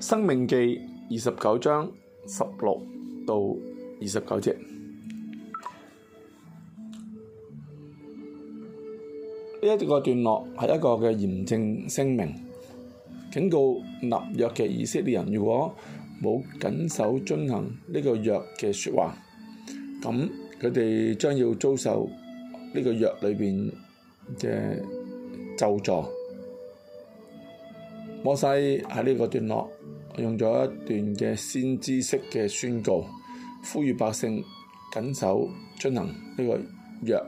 《申命記》二十九章十六到二十九節，呢一個段落係一個嘅嚴正聲明，警告立約嘅以色列人，如果冇緊守遵行呢個約嘅說話，咁佢哋將要遭受呢個約裏邊嘅咒詛。摩西喺呢個段落，用咗一段嘅先知式嘅宣告，呼籲百姓緊守遵行呢個約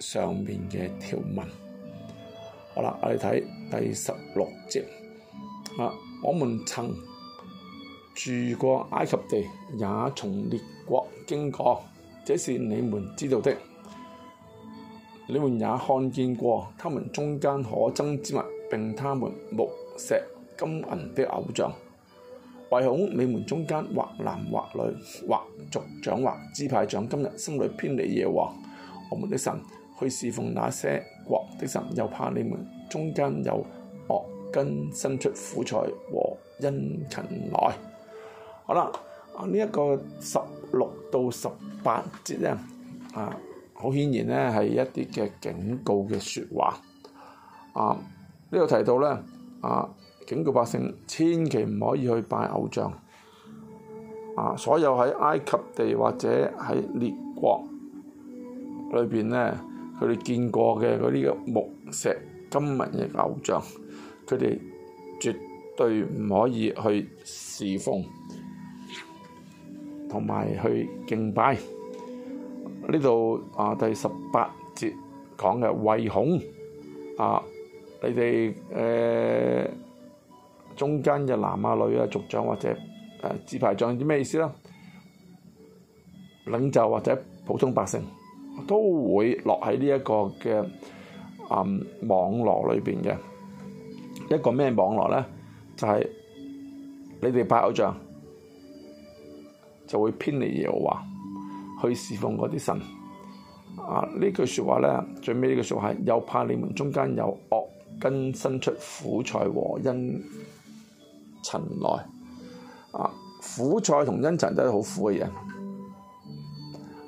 上面嘅條文。好啦，我哋睇第十六節啊。我們曾住過埃及地，也從列國經過，這是你們知道的。你們也看見過他們中間可憎之物，並他們木石金銀的偶像。唯恐你們中間或男或女，或族長或支派長，今日心裡偏離耶和華我們的神，去侍奉那些國、啊、的神，又怕你們中間有惡根生出苦菜和恩勤來。好啦，呢、啊、一、這個十六到十八節呢，啊，好顯然呢，係一啲嘅警告嘅説話。啊，呢度提到呢。啊。警告百姓，千祈唔可以去拜偶像。啊，所有喺埃及地或者喺列國裏邊呢，佢哋見過嘅嗰啲嘅木石金銀嘅偶像，佢哋絕對唔可以去侍奉，同埋去敬拜。呢度啊，第十八節講嘅惟恐啊，你哋誒。呃中間嘅男啊、女啊、族長或者誒、呃、自排長啲咩意思咧？領袖或者普通百姓都會落喺呢、嗯、一個嘅誒網絡裏邊嘅一個咩網絡咧？就係、是、你哋拜偶像就會偏離耶和華去侍奉嗰啲神啊！句呢句説話咧，最尾呢句説話係，又怕你們中間有惡根生出苦菜和因。蔯來，啊苦菜同茵蔯都係好苦嘅嘢，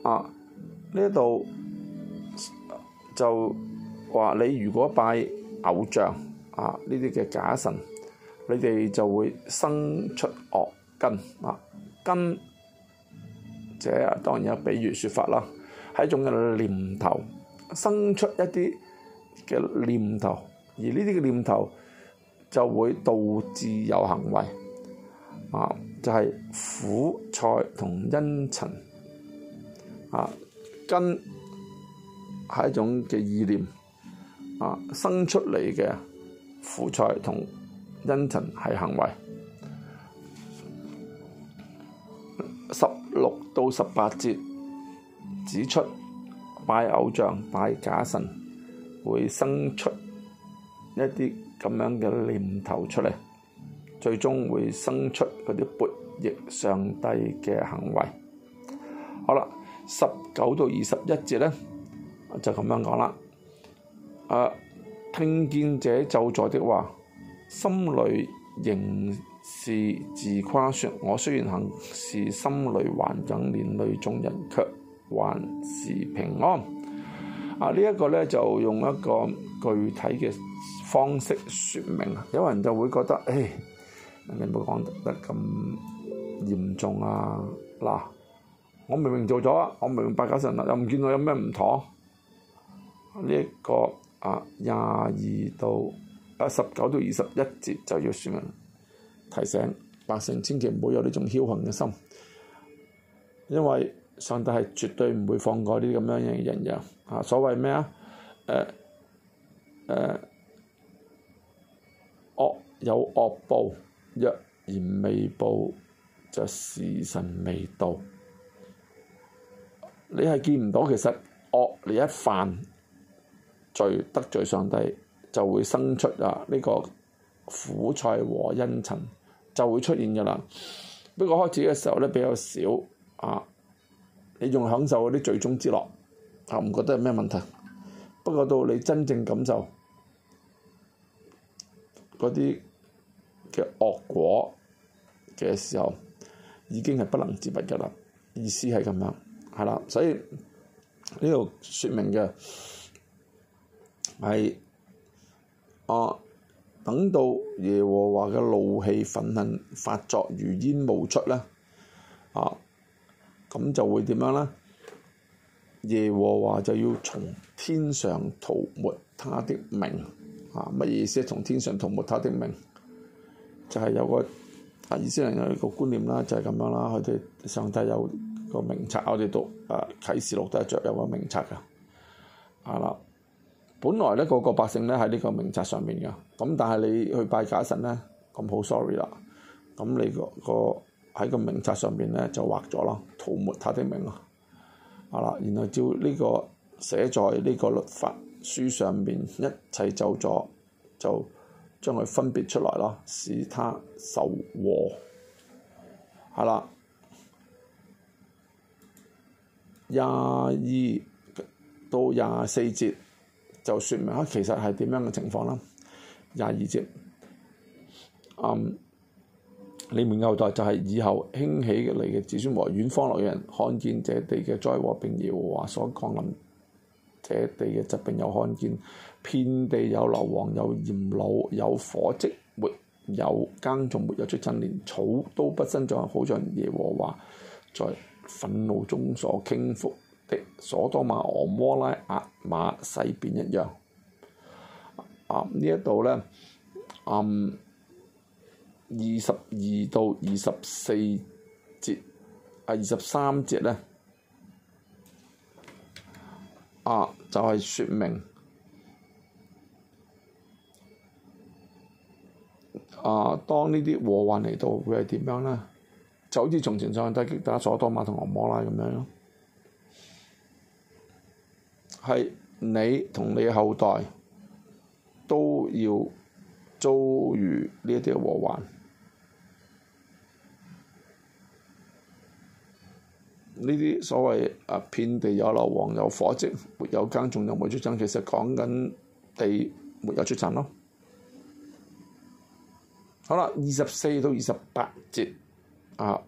啊呢度就話你如果拜偶像，啊呢啲嘅假神，你哋就會生出惡根，啊根，者啊當然有比喻説法啦，係一種嘅念頭，生出一啲嘅念頭，而呢啲嘅念頭。就會導致有行為，啊，就係、是、苦菜同茵蔯，啊，根係一種嘅意念，啊，生出嚟嘅苦菜同茵蔯係行為。十六到十八節指出，拜偶像、拜假神，會生出一啲。咁樣嘅念頭出嚟，最終會生出嗰啲悖逆上帝嘅行為。好啦，十九到二十一節咧，就咁樣講啦。啊，聽見這咒詛的話，心裏仍是自誇說，我雖然行事心裏頑梗，連累眾人，卻還是平安。啊，這個、呢一個咧就用一個具體嘅。方式説明啊，有人就會覺得，誒、哎，你冇講得咁嚴重啊！嗱，我明明做咗，我明明拜家神、這個、啊，又唔見到，有咩唔妥。呢一個啊，廿二到啊十九到二十一節就要説明提醒百姓，千祈唔好有呢種僥倖嘅心，因為上帝係絕對唔會放過呢啲咁樣嘅人嘅。嚇，所謂咩啊？誒、呃、誒。呃有惡報，若然未報，就時辰未到。你係見唔到，其實惡你一犯罪得罪上帝，就會生出啊呢、這個苦菜和茵蔯就會出現㗎啦。不過開始嘅時候咧比較少啊，你仲享受嗰啲罪中之樂啊，我唔覺得有咩問題。不過到你真正感受嗰啲。嘅惡果嘅時候，已經係不能自拔噶啦。意思係咁樣，係啦，所以呢度説明嘅係啊，等到耶和華嘅怒氣憤恨發作如煙冒出啦，啊，咁就會點樣咧？耶和華就要從天上塗抹他的名，啊，乜意思？從天上塗抹他的名。就係有個啊，以色列嘅一個觀念啦，就係咁樣啦。佢哋上帝有個名冊，我哋讀啊《啟示錄》都係着有個名冊嘅，係啦。本來咧個個百姓咧喺呢個名冊上面嘅，咁但係你去拜假神咧，咁好 sorry 啦。咁你個個喺個名冊上面咧就劃咗啦，塗抹他的名啊，係啦。然後照呢個寫在呢個律法書上面一切走咗就。將佢分別出來咯，使他受禍。係啦，廿二到廿四節就説明下其實係點樣嘅情況啦。廿二節，嗯，你們後代就係、是、以後興起嘅你嘅子孫和遠方來嘅人，看見這地嘅災禍，並要話所講咁。這地嘅疾病有看見，遍地有硫磺、有鹽鹵、有火跡，沒有耕種，沒有出產，連草都不生長。好像耶和華在憤怒中所傾覆的所多瑪、俄摩拉、押瑪、洗扁一樣。啊，呢一度呢，嗯，二十二到二十四節，啊，二十三節呢。啊！就係、是、説明啊，當呢啲禍患嚟到，佢係點樣呢？就好似從前上帝擊打所多瑪同蛾摩拉咁樣，係你同你後代都要遭遇呢啲禍患。呢啲所謂啊，遍地有硫磺有火跡，沒有耕，仲有冇出產？其實講緊地沒有出產咯。好啦，二十四到二十八節啊，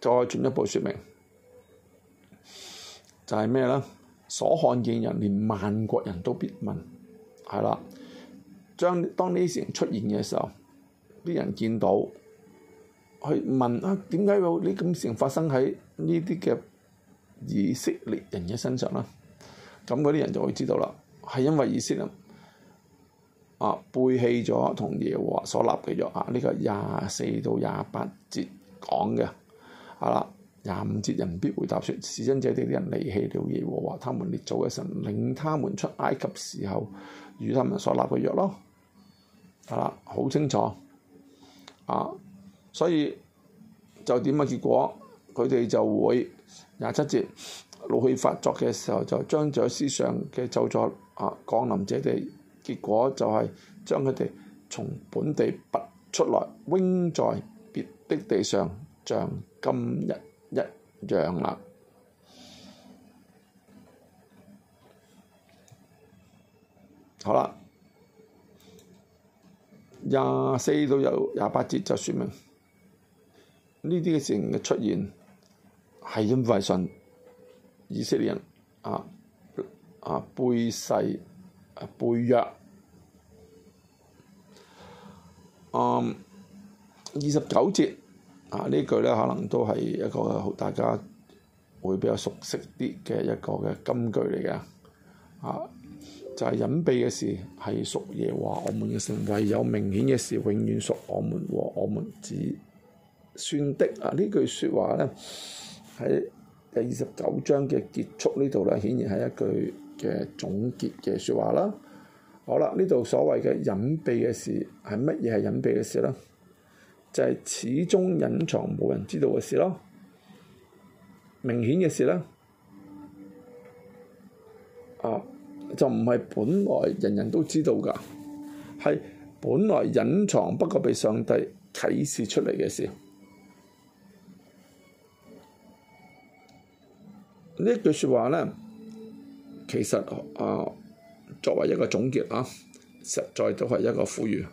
再進一步説明，就係、是、咩呢？所看見人，連萬國人都必問，係啦。將當呢啲事情出現嘅時候，啲人見到。去問啊，點解有呢咁嘅事情發生喺呢啲嘅以色列人嘅身上啦？咁嗰啲人就會知道啦，係因為以色列人啊背棄咗同耶和華所立嘅約啊。呢個廿四到廿八節講嘅係啦，廿、啊、五、啊、節人必回答説：是因這地啲人離棄了耶和華、啊、他們列祖嘅神，領他們出埃及時候與他們所立嘅約咯。係、啊、啦，好、啊、清楚啊！所以就點啊？結果佢哋就會廿七節怒氣發作嘅時候，就將這書上嘅咒詛啊，降臨這地，結果就係將佢哋從本地拔出來，扔在別的地上，像今日一樣啦。好啦，廿四到有廿八節就説明。呢啲嘅事情嘅出現係因為神以色列人啊，啊背誓背約。嗯，二十九節啊，呢句咧可能都係一個大家會比較熟悉啲嘅一個嘅金句嚟嘅，啊就係、是、隱秘嘅事係屬耶和華我們嘅神，唯有明顯嘅事永遠屬我們和我們子。算的啊！呢句説話咧，喺第二十九章嘅結束呢度咧，顯然係一句嘅總結嘅説話啦。好啦，呢度所謂嘅隱秘嘅事係乜嘢係隱秘嘅事咧？就係始終隱藏冇人知道嘅事咯，明顯嘅事啦。啊，就唔係本來人人都知道㗎，係本來隱藏不過被上帝啟示出嚟嘅事。呢句説話呢，其實啊、呃，作為一個總結啊，實在都係一個呼籲，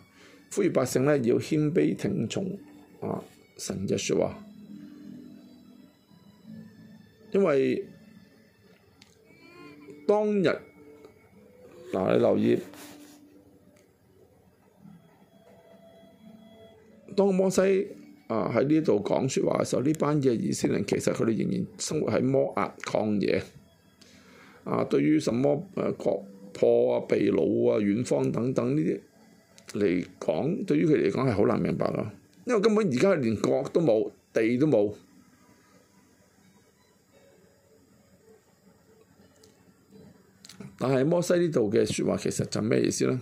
呼籲百姓呢，要謙卑聽從啊神嘅説話，因為當日嗱、啊、你留意當摩西，啊！喺呢度講説話嘅時候，呢班嘅以色列人其實佢哋仍然生活喺摩押曠野啊，對於什麼誒、啊、國破啊、被擄啊、遠方等等呢啲嚟講，對於佢哋嚟講係好難明白啊！因為根本而家係連國都冇，地都冇。但係摩西呢度嘅説話其實就咩意思咧？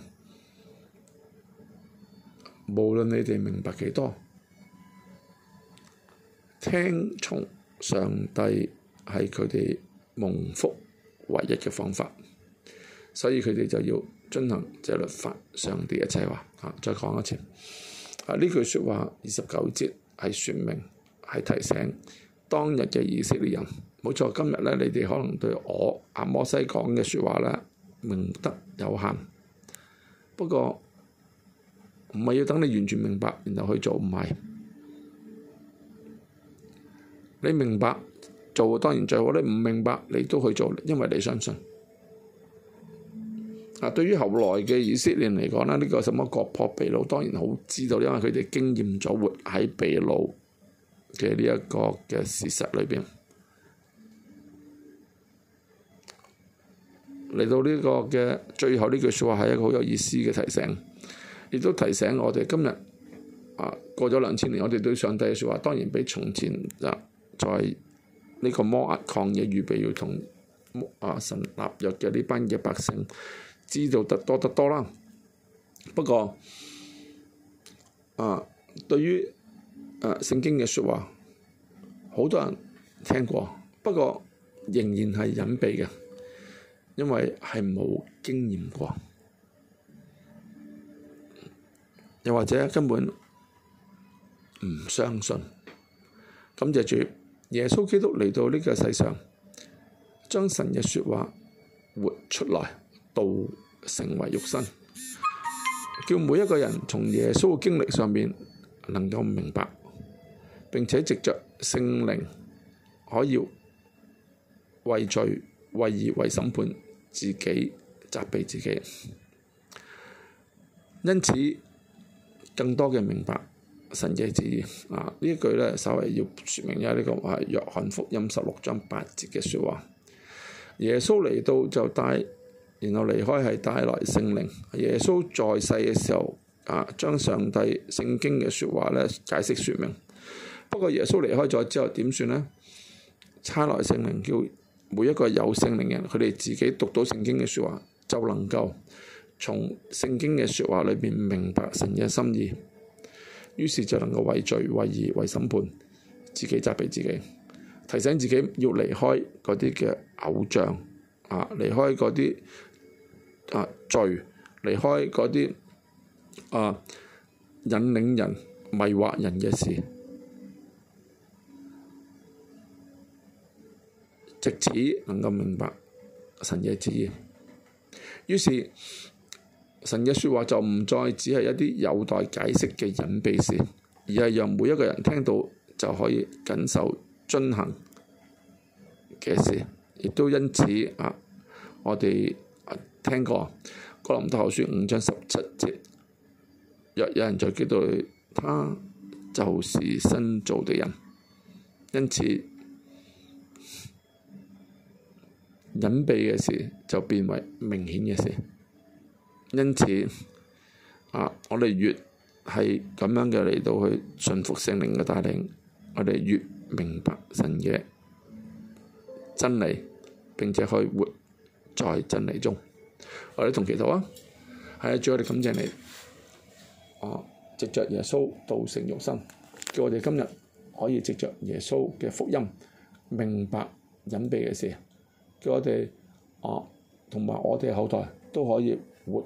無論你哋明白幾多。聽從上帝係佢哋蒙福唯一嘅方法，所以佢哋就要遵行這律法、上帝一切話。啊，再講一次。啊，呢句説話二十九節係説明，係提醒當日嘅以色列人。冇錯，今日咧你哋可能對我阿摩西講嘅説話咧明得有限，不過唔係要等你完全明白然後去做，唔係。你明白做當然最好，你唔明白你都去做，因為你相信。啊，對於後來嘅以色列嚟講咧，呢、這個什麼國破秘魯當然好知道，因為佢哋經驗咗活喺秘魯嘅呢一個嘅事實裏邊。嚟到呢個嘅最後呢句説話係一個好有意思嘅提醒，亦都提醒我哋今日啊過咗兩千年，我哋對上帝嘅説話當然比從前嗱。在呢個摩押抗嘅預備要同阿、啊、神立約嘅呢班嘅百姓，知道得多得多啦。不過啊，對於啊聖經嘅説話，好多人聽過，不過仍然係隱蔽嘅，因為係冇經驗過，又或者根本唔相信。感謝主。耶穌基督嚟到呢個世上，將神嘅説話活出來，道成為肉身，叫每一個人從耶穌嘅經歷上面能夠明白，並且藉着聖靈可以為罪、為義、為審判，自己責備自己，因此更多嘅明白神嘅旨意啊！呢一句咧稍微要説明一下，呢個係《約翰福音》十六章八節嘅説話。耶穌嚟到就帶，然後離開係帶來聖靈。耶穌在世嘅時候啊，將上帝聖經嘅説話咧解釋説明。不過耶穌離開咗之後點算呢？差來聖靈，叫每一個有聖靈嘅人，佢哋自己讀到聖經嘅説話，就能夠從聖經嘅説話裏面明白神嘅心意。於是就能夠為罪、為義、為審判自己責備自己，提醒自己要離開嗰啲嘅偶像啊，離開嗰啲啊罪，離開嗰啲啊引領人迷惑人嘅事，直至能夠明白神嘅旨意。於是。神嘅説話就唔再只係一啲有待解釋嘅隱秘事，而係讓每一個人聽到就可以謹守遵行嘅事。亦都因此啊，我哋、啊、聽過哥林多後書五章十七節：若有人在基督裏，他就是新造的人。因此隱秘嘅事就變為明顯嘅事。因此，啊，我哋越係咁樣嘅嚟到去信服聖靈嘅帶領，我哋越明白神嘅真理，並且可以活在真理中。我哋同祈禱啊，係啊，主我哋感謝你，啊，藉着耶穌道成肉身，叫我哋今日可以藉着耶穌嘅福音明白隱秘嘅事，叫我哋啊，同埋我哋嘅後代都可以活。